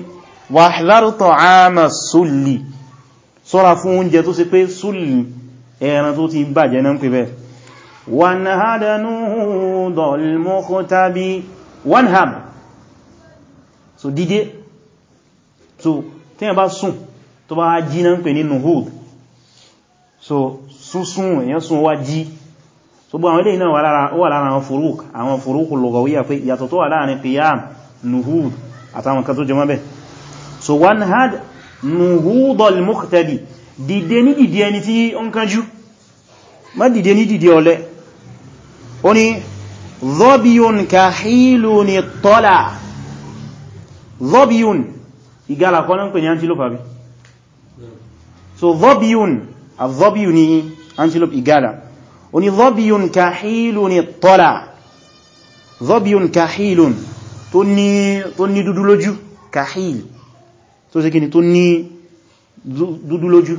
wàhálárùtọ̀ àmà sólì sọ́ra fún oúnjẹ tó ṣe pé sólì ẹran tó ti bàjẹ́ náà ń pè bẹ́ẹ̀ وانهد نوض المختبي wanham so dìde so tí yẹn bá sùn tó bá jí náà ń pè ní nuhud so súnsún èyàn sùn wá jí so bó àwọn ilé iná wà lára àwọn furuk àwọn furuk lọ́gọ̀wíyà pé ìyàtọ̀ tó wà láàrin qiyam nuhud àtàwọn kan tó jẹ mọ́bẹ̀ so wanhad nuhudul muqtadi dìde ní dìde ẹni tí ó ń kánjú má dìde ní dìde ọ̀lẹ ó ní zọ́bíyùn kàhílù ní tọ́lá zọ́bíyùn ìgálà kọ́ ní ń pè ní antelope àbí so zọ́bíyùn azọ́bíyùn ní antelope ìgálà ó ní zọ́bíyùn kàhílù ní tọ́lá zọ́bíyùn kàhílù tó ní dúdú lójú kàhíl tó ṣe kíni tó ní dúdú lójú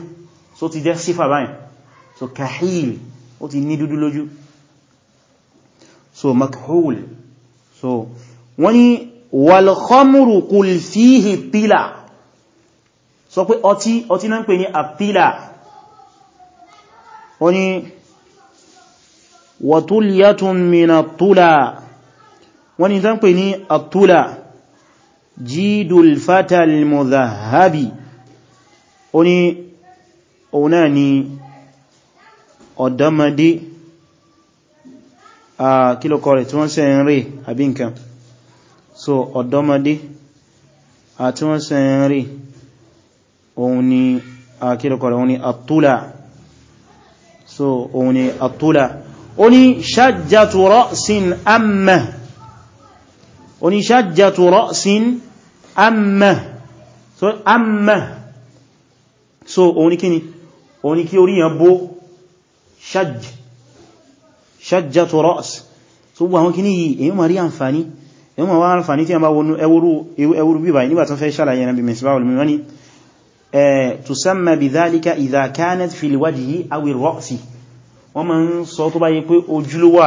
so ti jẹ́ sífà báyìí so kàhíl ó ti ní dúdú lójú so makhul so wani wal khamru qul fihi tila so pé ọtí ọtí náà ń pè ní àpílà wani watulyatun min at-tula wani tán pè ní at-tula jidul fata al wani ọ̀nà ni ọ̀dọ́mọdé kílòkọ rẹ̀ tí wọ́n sẹ́ ń rí àbí nǹkan so ọ̀dọ́mọdé àti wọ́n sẹ́ ń rí òun ni kílòkọ rẹ̀ òun ni àtúlà so òun ni àtúlà ó ní ṣájjátù ra'sin amma ó ní ṣájjátù ra'sin amma so amma so òun ni kíni òun ni kí oríyàn bó ṣájjátù shajjatu ra's so gbogbo àwọn kìíní yìí èyí ma rí àǹfàní èyí ma wá àǹfàní tí a bá wọnú ẹwúrú bíbà nígbà tó fẹ́ ṣàlàyé na bí misbah al-mimani tusamma bidhalika idha kanat fil wajhi aw ar-ra's wọ́n ma ń sọ tó bá yẹ pé ojú ló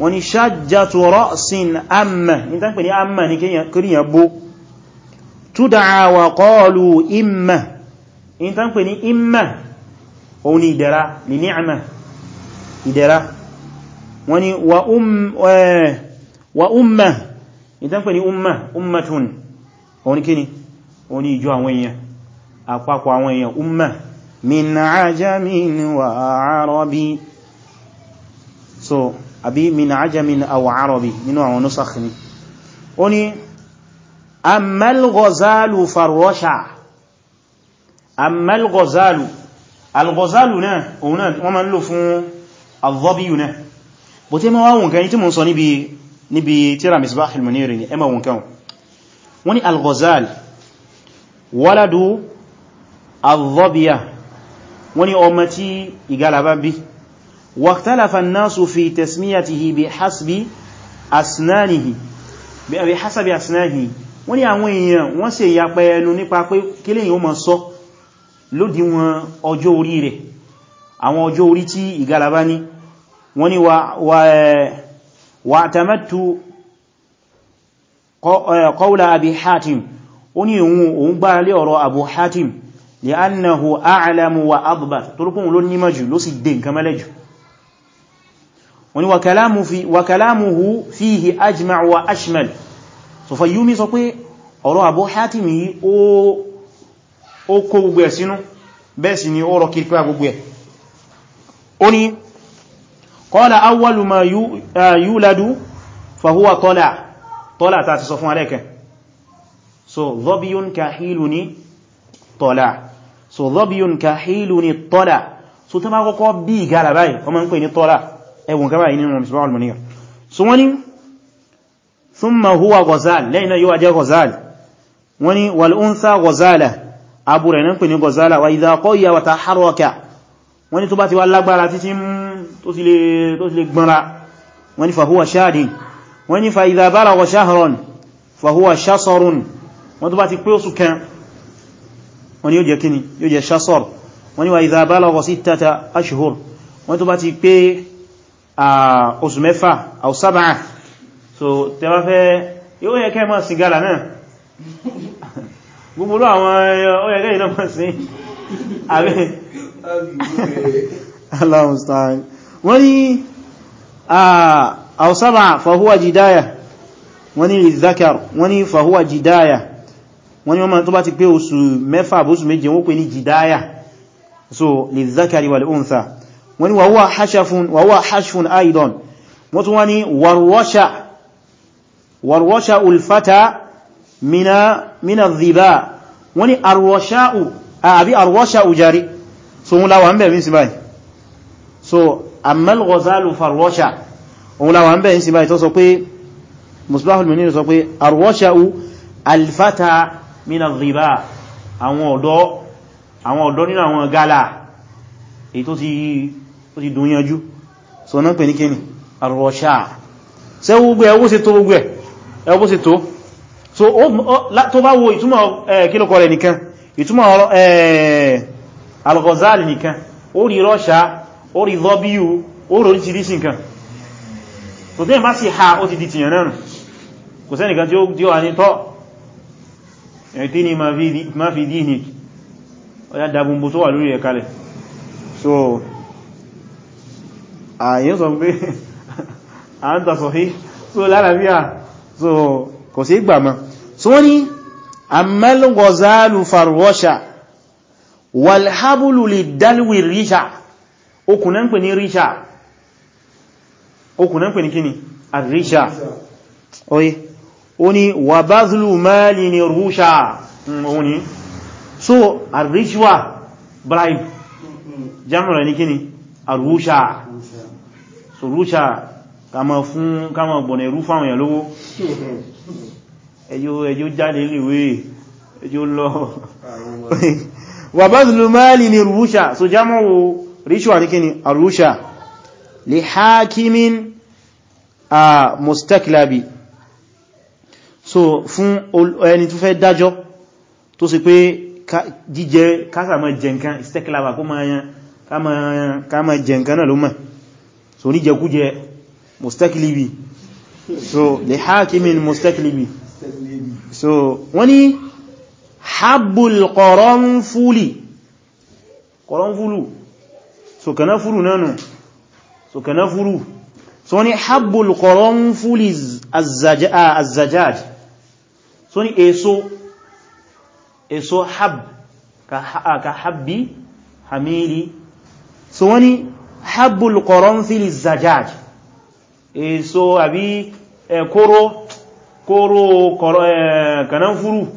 wọ́n ni ṣájjátù rọ́sìn àmà ní tánpẹ̀ ní àmà ní kíríyàn bó túdàá wà kọlù ìmà ní tánpẹ̀ ní ìmà òun ni ìdẹ̀ra ní ni'ma ìdẹ̀ra wọ́n ni wà umma ní tánpẹ̀ um, ní umma ummatun òun ni kíni òun ìjọ àwọn èèyàn àpapọ̀ àwọn èèyàn umma min ajamin wa arabi so àbí min ajamin aw arabi nínú àwọn nusakh ni ó ní amal ghazalu farrasha amal ghazalu al ghazalu náà òun náà wọ́n máa ń lò fún al-dhabiyu náà bó tí ma wáwọn nǹkan yí tí mo ń sọ níbi níbi tíra misbah al ni ẹmà wọn kan wọ́n ní al waladu al wọ́n ní ọmọ tí ìgalaba bí واختلف الناس في تسميته بحسب أسنانه بحسب أسنانه wọ́n ní àwọn èèyàn wọ́n ṣe ìyapa ẹnu nípa pé kí lèyàn ó máa sọ lódí wọn ọjọ́ orí rẹ̀ àwọn ọjọ́ orí tí ìgalaba ní wọ́n ní wà àtàmẹ́tù qawla Abi Hatim ó ní òun gbára lé ọ̀rọ̀ Abu Hatim li'annahu a'lamu wa adbar torípòun ló nímọ̀ jù ló sì dé nǹkan mẹ́lẹ́jù wọ́n ni wakalamuhu fihi ajma' wa ashmal so Fayyumi sọ pé ọ̀rọ̀ Abu Hatim yìí ó kó gbogbo ẹ̀ sínú bẹ́ẹ̀ sì ni ó rọ kìrìkìrà gbogbo ẹ̀ ó ní qala awwalu ma yuladu fahuwa tọ́lá tọ́lá ta ti sọ fún alẹ́kẹ́ so dhobiyun kahilu ni tọ́lá so tọ́lá ẹwọ̀n kẹwàá inú Misbah al-Munir so wọ́n ni thumma huwa Ghazal lẹ́yìn náà yíwa jẹ́ Ghazal wọ́n ni wal-untha Ghazala abu rẹ̀ náà pè ní Ghazala wa idha qayya wa taharraka wọ́n ni tó bá ti wá lágbára títí hmm, tó ti lè gbọ́nra wọ́n fahuwa shadin wọ́n ni fa idha balagha shahran fahuwa shasarun wọ́n tó bá ti pé oṣù kan wọ́n yóò jẹ́ kíni yóò jẹ́ shasar wọ́n ni wa idha balagha sittata ashhur tó bá ti pé oṣù mẹ́fà aw sab'a so tẹba fẹ́ yóò yẹ kẹ́ mọ́ sí gala náà gbogbo àwọn ọyẹ̀kẹ́ ìlọ́ mọ́ sí àbẹ́ Allahu musta'an wọ́n ni aw sab'a fahuwa jidaya wọ́n ni lidhakar wọ́n ni fahuwa jidaya wọ́n ni wọ́n ma tó bá ti pé oṣù mẹ́fà àbóṣù méje wọ́n pè ní jidaya so lidhakari wal untha wọ́n ni wàwọ́ hashafun wàwọ́ hashfun aidan wọ́n tún wọ́n ni warwasha ulfata mina dhiba wọ́n ni arwasha'u àbí arwasha'u jari so wọ́n láwà ń bẹ̀rẹ̀ sí báyìí so amal ghazalu farwasha wọ́n láwà ń bẹ̀rẹ̀ sí báyìí tó sọ pé musbahul munir sọ pé arwasha'u alfata mina dhiba àwọn ọ̀dọ́ nínú àwọn gálà èyí tó ti ó ti dùn so náà pè ní kíni àrọ̀ṣà ṣe gbogbo ẹwọ́ sí tó gbogbo ẹwọ́ sí tó so tó bá wo ìtumọ̀ kílùkọ rẹ̀ nìkan ìtumọ̀ al-Ghazali nìkan ó rí rọ́ṣà ó rí zọ́bíyù ó rí oríṣiríṣi nǹkan kò tẹ́ bá sí ha ó ti di tìyàn náà kò sẹ́nìkan tí ó wà ní tọ́ ẹ̀tí so àyín sọ pé a ń tasọ̀ hí so lálàáfíà so kò sí gbà ma so wọ́n ni amẹ́lùgọ́zálù farwọ́ṣà wàlhábùlù lè dálwì ríṣà okùnà ń pè ní ríṣà okùnà ń pè ní kíni àríṣà oye o ni wà bá zùlù mẹ́lì so àríṣwà bribe jamurai ní kíni àrúṣà so rúṣà kama fún kama gbọ̀nà irú fáwọn èèyàn lówó ẹjọ́ jáde níwé ẹjọ́ lọ wà bá zùlù máàlì ní rúṣà so jámọ́wò ríṣùwà ní kíni a rúṣà lè hakimin a mustaklabi so fún ẹni tó fẹ́ dájọ́ tó sì pé jíjẹ kásàmọ́ jẹ nǹkan istaklaba kó ma jẹ nǹkan náà ló mọ̀ so ní jẹkújẹ mustaklibi so lè hakimin mustaklibi so wọ́n ní habbul qaranfuli qaranfulu so kanafuru nanu so kanafuru so wọ́n ní habbul qaranfuli ah, azzajaj so ní èso èso hab ah, ka habbi hamili so wọ́n ní habbul qaranfil zajaj èso àbí kóró kóró kanáfúrú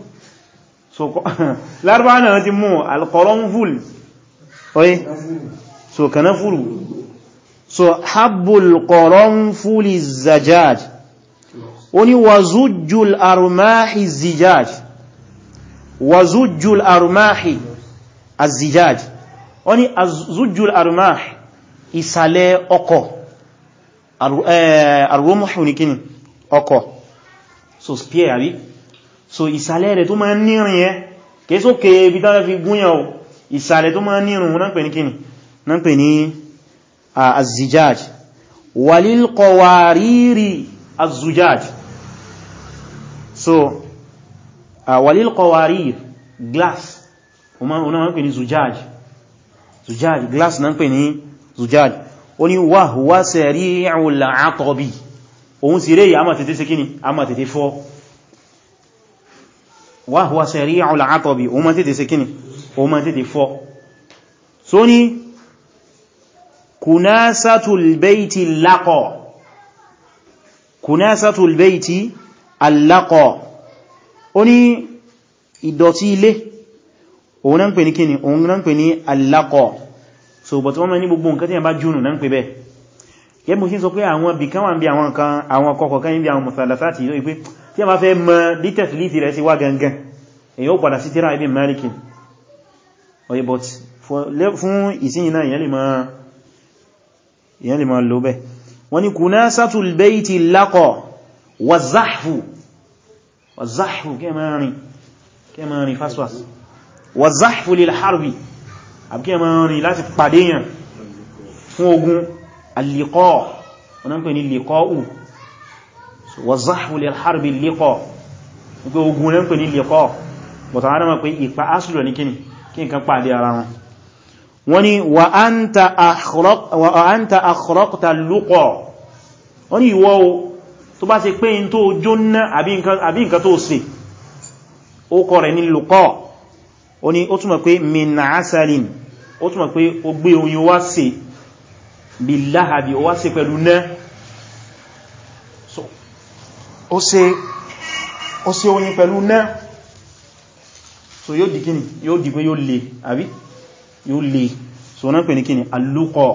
so lárúbá náà ti mú alqaranful oye so kanáfúrú so habbul qaranfil zajaj ó ní wazujjul armahi zijaj wazujjul armahi azijaj ó ní azujjul armahi ìsàlẹ̀ ọkọ̀ arúmọ̀ṣù ní kíni ọkọ̀ so spear àbí so ìsàlẹ̀ rẹ̀ tó máa nírin ẹ kéèsókè ibi tàbí fi gúnyàn ìsàlẹ̀ tó máa nírin náà pè ní kíni náà pè ní azijaj walil qawariri azujaj so walil qawarir glass ọmọ náà pè ní zujaj zujaj ó ní wà huwa sari'ul 'atabi òun sì rẹ̀ yà má tètè ṣe kíni a má tètè fọ́ wà huwa sari'ul 'atabi òun má tètè ṣe kíni òun má tètè fọ́ so ní kunasatul bayti laqa kunasatul bayti ìdọ̀tí ilé òun náà ń pè ní kíni òun náà ń pè ní allaqa so but wọ́n mẹ́ ní gbogbo nǹkan tí yẹn bá jùnù náà ń pè bẹ́ẹ̀ yẹ́ mo ṣe sọ pé àwọn bì kan wà ń bí àwọn kan àwọn kọkọ̀ kan bí àwọn mùsàlásàtì ìlú ìpé tí a bá fẹ́ mọ lítẹ̀sìlítì rẹ̀ sí wá gangan èyí ó padà sí tíra ibi maliki oye but fún ìsinyìí náà ìyẹn lè máa lò bẹ́ wọ́n ni kunasatul bayti lákọ̀ wà záhfù wà záhfù kẹ́ mẹ́rin fásfàs wà záhfù lil harbi àbí ẹ máa rìn láti pàdé yàn fún ogun alìkọ́ ọ̀nà ń pè ní lìkọ́ù wazahul harbi lìkọ́ pé ogun rẹ̀ ń pè ní lìkọ́ bọ̀tà wọn mọ̀ pé ìpa asùlọ ní kíni kí n kan pàdé ara wọn wọ́n ni wa anta akhraqta lùkọ́ wọ́n ni ìwọ tó bá ṣe pé in tó jóná àbí nǹkan tó ṣe ó kọ rẹ̀ ní lùkọ́ ó ní ó túnmọ̀ pé min asalin ó túnmọ̀ pé ó gbé oyin wá sí bí láhàbí ó wá sí pẹ̀lú náà ó sí oyin pẹ̀lú náà so yóò di kíni yóò di pé yóò le àbí yóò le so náà pè ní kíni alúkọ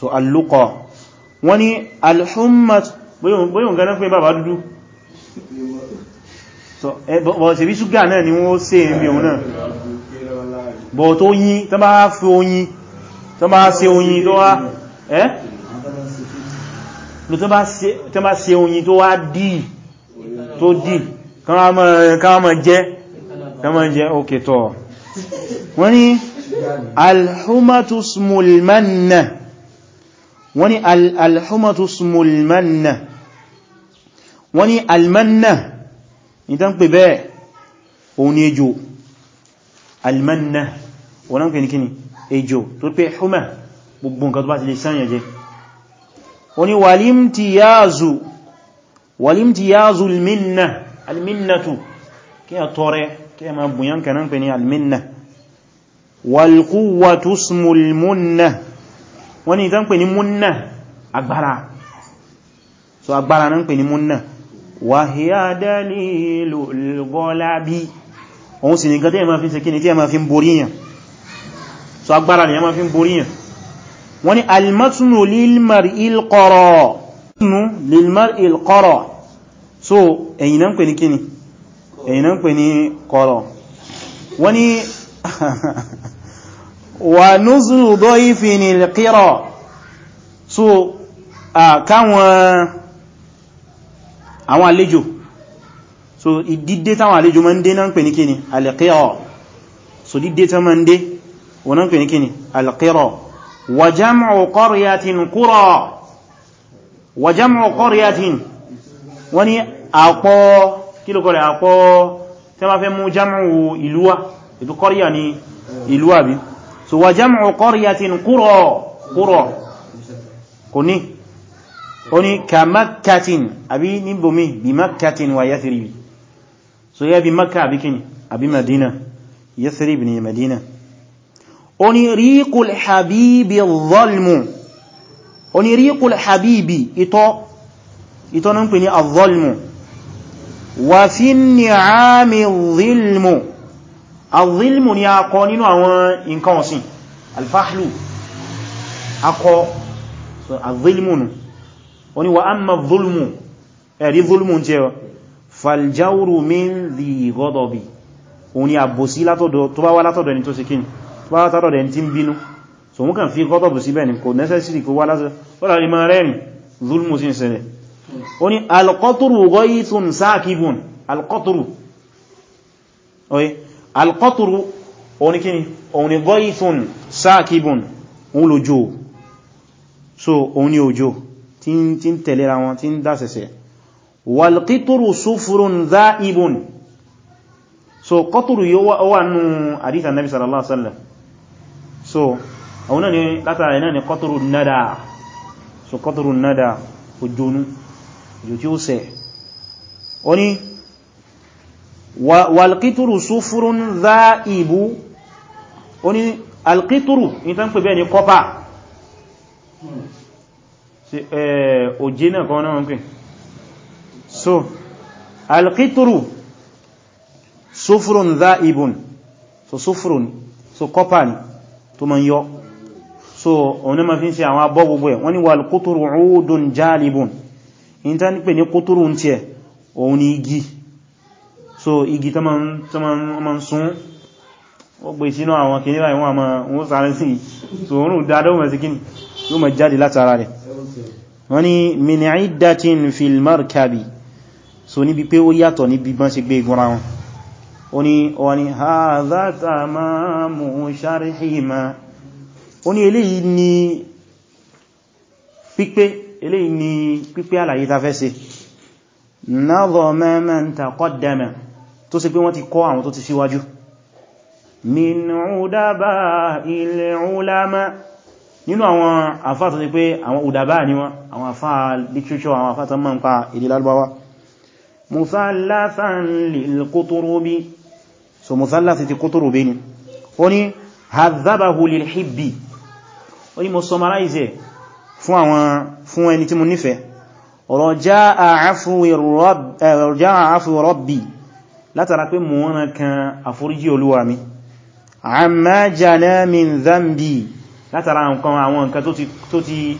so alúkọ wọ́n ni alhummat bóyùn gánà pé bàbá dúdú so ẹ̀bọ̀ ṣe bí ṣúgà náà ni wọ́n ó ṣe ẹ̀mí òun náà bọ̀ tó yín tó bá fi oyin tó bá ṣe oyin tó wá ẹ́ tó bá ṣe oyin tó wá dì tó dì káàmà jẹ́ káàmà jẹ́ òkè tọ́ wọ́n ni alhumatus mulmanna wọ́n ni alhumatus mulmanna wọ́n ni almanna ìtàn pè bẹ́ẹ̀ òun ni ejò almanna wọ́n ń pè ní kíni ejò tó pé húmà gbogbo nǹkan tó bá ti lè sáyẹ̀ jẹ́ ó ní walimtiyazu walimtiyazu alminna alminnatu kí a tọrẹ kí a ma bùyàn kanan pè ní alminna walquwwatu ismul munna ni ìtàn pè ní munna agbára so agbára náà pè ní munna wa hiya òun sì nìkan tí ẹ ma fi ṣe kíni tí ẹ ma fi ń boríyàn so agbára ni ẹ ma fi ń boríyàn wọ́n ni almatnu lilmar'il qara lilmar'il qara so ẹ̀yìn náà ń pè ní kíni ẹ̀yìn náà ń pè ní qara wọ́n ni wà nuzlu dayfin al-qira so káwọn àwọn àlejò so ìdídé táwọn àlejò ma ń dé náà ń pè ní kíni alqira so dídé tán ma ń dé wọ́n náà ń pè ní kíni alqira wa jam'u qaryatin qura wa jam'u qaryatin wọ́n ni àpọ̀ kílùkọ̀rẹ̀ àpọ̀ tí wọ́n fẹ́ mú jam'u ìlúwà ni ìlúwà so wa jam'u qaryatin qura qura kò ní ó ní ka makkatin àbí níbòmí bí makkatin wa yathrib so yẹ́ bí Makkah àbí kíni àbí Madina Yathrib ní Madina ó ní ríkul habibi zolmu ó ní ríkul habibi ìtọ́ ìtọ́ ní ń pè ní azolmu wà fi ní àmì zilmu azilmu ni a kọ nínú àwọn nǹkan alfahlu akọ azilmu nù ó ní wà amma zulmu ẹ̀rí zulmu jẹ́ faljawru min dhi ghadabi òun ni àbòsí tó bá wá látọ̀dọ̀ ẹni tó ṣe kíni tó bá látọ̀dọ̀ ẹni tí ń bínú so mú kàn fi ghadabu síbẹ̀ ní kò necessary kò wá látọ̀dọ̀ ìmọ̀ rẹ̀ ní zulmu sí ìṣẹ̀lẹ̀ ó alqatru ghaytun sakibun alqatru oye alqatru òun ni kíni òun sakibun òun so òun ni òjò tí ń tẹ̀lera wọn tí walqitru sufurun dha'ibun so qatru yóò wà nù àdíta nabi sallallahu alaihi wasallam so àwọn náà ni látara iná ni qatru nada so qatru nada ojonu ojú tí ó sẹ o ní walqitru sufurun dha'ibu o ní alqitru ní tán pè bẹ́ẹ̀ ni kọpa òjé eh, náà kan náà ń so alqitru sufrun dha'ibun so sufrun so kọ́pà ni tó ma yọ so òní ma fi ń ṣe àwọn abọ́ gbogbo ẹ̀ wọ́n ni wà alqitru udun jalibun in ta ní pè ní kútùrù ń tiẹ̀ òun ni igi so igi tó ma ń sún ó gbé sínú àwọn kìnnìyà ìwọ̀n àmà òun sáré sí so òun dáadọ́ mẹ́sí kí yóò ma jáde látara rẹ̀ wọ́n ni min iddatin fil markabi so níbi pé ó yàtọ̀ níbi bọ́n ṣe gbé igunra wọn ó ní ọwọ́ ni hadha tamamu sharhi ma ó ní eléyìí ni pípé eléyìí ni pípé àlàyé ta fẹ́ ṣe nadhama man taqaddama tó ṣe pé wọ́n ti kọ́ àwọn tó ti síwájú nínú àwọn àfáà tó ṣe pé àwọn udaba ni wọ́n àwọn àfáà literature àwọn àfáà tó mọ́ ń pa musallasan lil quturubi so musallasi ti quturubi ni ó ní hadhabahu lil hibbi ó ní mo summarize e fún àwọn fún ẹni tí mo nífẹ̀ẹ́ raja'a afwi rabb raja'a eh, afwi rabbi látara pé mo ran kan àforíjì Olúwa mi amma jana min dhanbi látara nǹkan àwọn nǹkan tó ti tó ti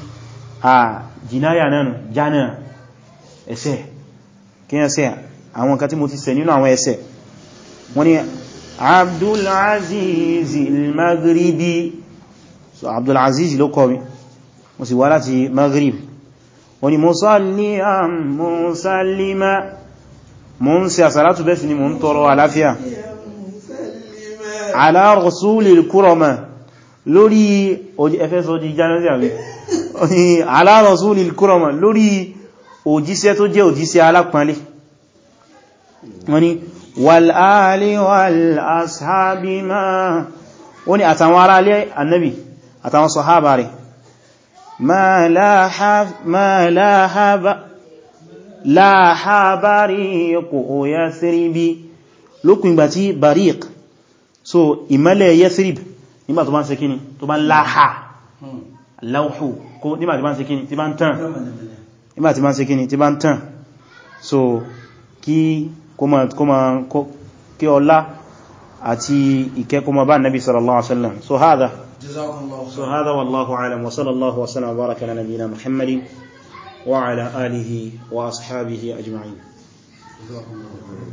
a jinaya kí yẹn ṣe àwọn nǹkan tí mo ti ṣẹ̀ nínú àwọn ẹ̀ṣẹ̀ wọ́n ni Abdul Aziz al-Maghribi so Abdul Aziz ló kọ́ mi mo sì wá láti Maghrib wọ́n ni musalli am musallima mo ń ṣe àsàlátù bẹ́ẹ̀ sì ni mo ń tọrọ àláfíà ala rasulil kurama lórí ẹfẹ́sọ́ di jánásí àbí òjíṣẹ́ tó jẹ́ òjíṣẹ́ alápọ̀nlé wọ́n ni wàl'áàlì wàl'áṣábí máa wọ́n ni àtàwọn ará alẹ́ annabi àtàwọn sọ̀hábà rẹ̀ máa láhábárí kò yá síríbí lókùn ìgbà tí barík so ìmẹ́lẹ̀ yẹ́sírib nígbà tó bá ń ṣe kíni tó bá ń láhà hmm. láwùhù nígbà tí bá ń ṣe kíni tí bá ń tàn so kí kí ọlá àti ìkẹ́ kó máa bá nabi sallallahu alaihi so hada so hada wallahu alam wa sallallahu wa sallam baraka ala nabiyina muhammadin wa ala alihi wa ashabihi ajma'in